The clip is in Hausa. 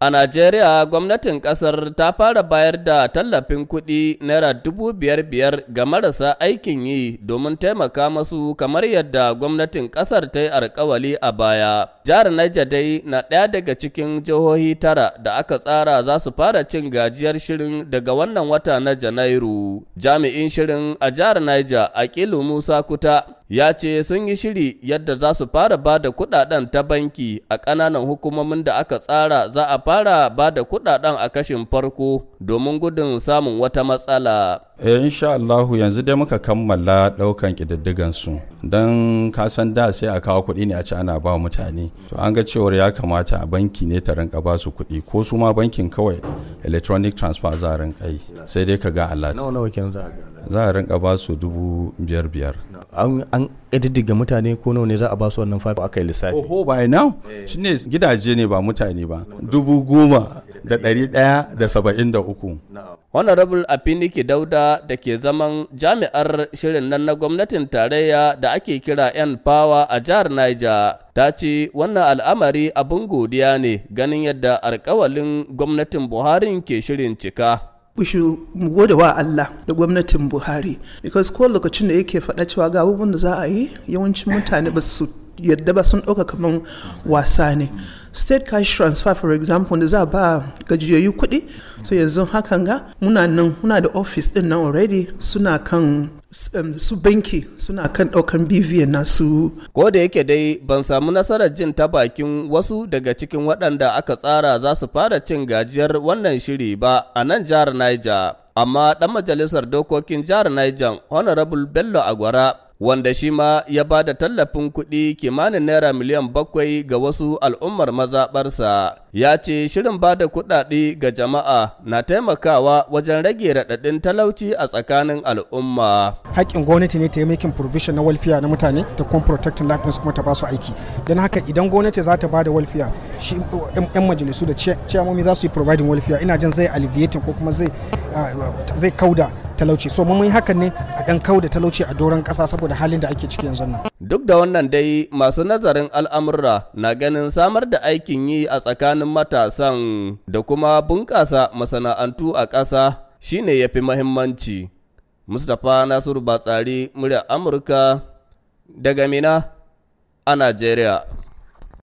A Najeriya gwamnatin ƙasar ta fara bayar da tallafin kuɗi naira dubu biyar biyar ga marasa aikin yi domin taimaka masu kamar yadda gwamnatin ƙasar ta yi alkawali a baya. Jihar Niger dai na ɗaya daga cikin jihohi tara da aka tsara za su fara cin gajiyar shirin daga wannan wata na Janairu. Jami'in shirin a jihar Niger Akilu Musa Kuta ya ce sun yi shiri yadda za su fara ba da kudaden ta banki a ƙananan hukumomin da aka tsara za a fara ba da kudaden a kashin farko domin gudun samun wata matsala. Eh, insha Allahu yanzu dai muka kammala ɗaukan ƙididdigan su don kasan da sai a kawo kuɗi ne a ci ana ba mutane to an ga cewar ya kamata a banki ne ta rinka ba su kuɗi ko su ma bankin kawai electronic transfer za a rinka yi sai dai ka ga alat. za a rinka ba su dubu biyar biyar an ƙididdiga mutane ko nawa ne za a ba su wannan fafi aka yi lissafi oho by now eh. shine gidaje ne ba mutane ba dubu goma da ɗari ɗaya da saba'in da uku honorable afiniki dauda da ke zaman jami'ar shirin nan na gwamnatin tarayya da ake kira yan fawa a jihar niger ta ce wannan al'amari abin godiya ne ganin yadda alkawalin gwamnatin buhari ke shirin cika bushi mu gode wa Allah da gwamnatin Buhari because ko lokacin da yake faɗa cewa ga abubuwan da za a yi yawancin mutane ba su yadda ba sun ɗauka kamar wasa ne state cash transfer for example wanda za ba gajiyayyu kuɗi so yanzu hakan ga muna nan muna da office din nan already suna kan um, su banki suna kan ɗaukan bvn nasu ko da yake dai ban samu nasarar jin ta bakin wasu daga cikin waɗanda aka tsara za su fara cin gajiyar wannan shiri ba a nan jihar niger amma ɗan majalisar dokokin jihar niger honorable bello agwara wanda shi ma ya ba da tallafin kuɗi kimanin naira miliyan bakwai ga wasu al'ummar mazaɓarsa ya ce shirin ba da kuɗaɗe ga jama'a na taimakawa wajen rage raɗaɗin talauci a tsakanin al'umma. Haƙƙin gwamnati ne ta yi making provision na walfiya na mutane ta kuma protecting life kuma ta ba su aiki. Don haka idan gwamnati za ta ba da walfiya yan majalisu da ciyamomi za su yi providing welfare ina jin zai alleviating ko kuma ah, zai kauda talauci so mun yi hakan ne a dan kauda talauci a doron kasa saboda halin da ake ciki yanzu nan duk da wannan dai masu nazarin al'amurra na ganin samar da aikin yi a tsakanin matasan da kuma bunƙasa masana'antu a ƙasa shine yafi muhimmanci mustapha nasiru batsari murya amurka daga mina a najeriya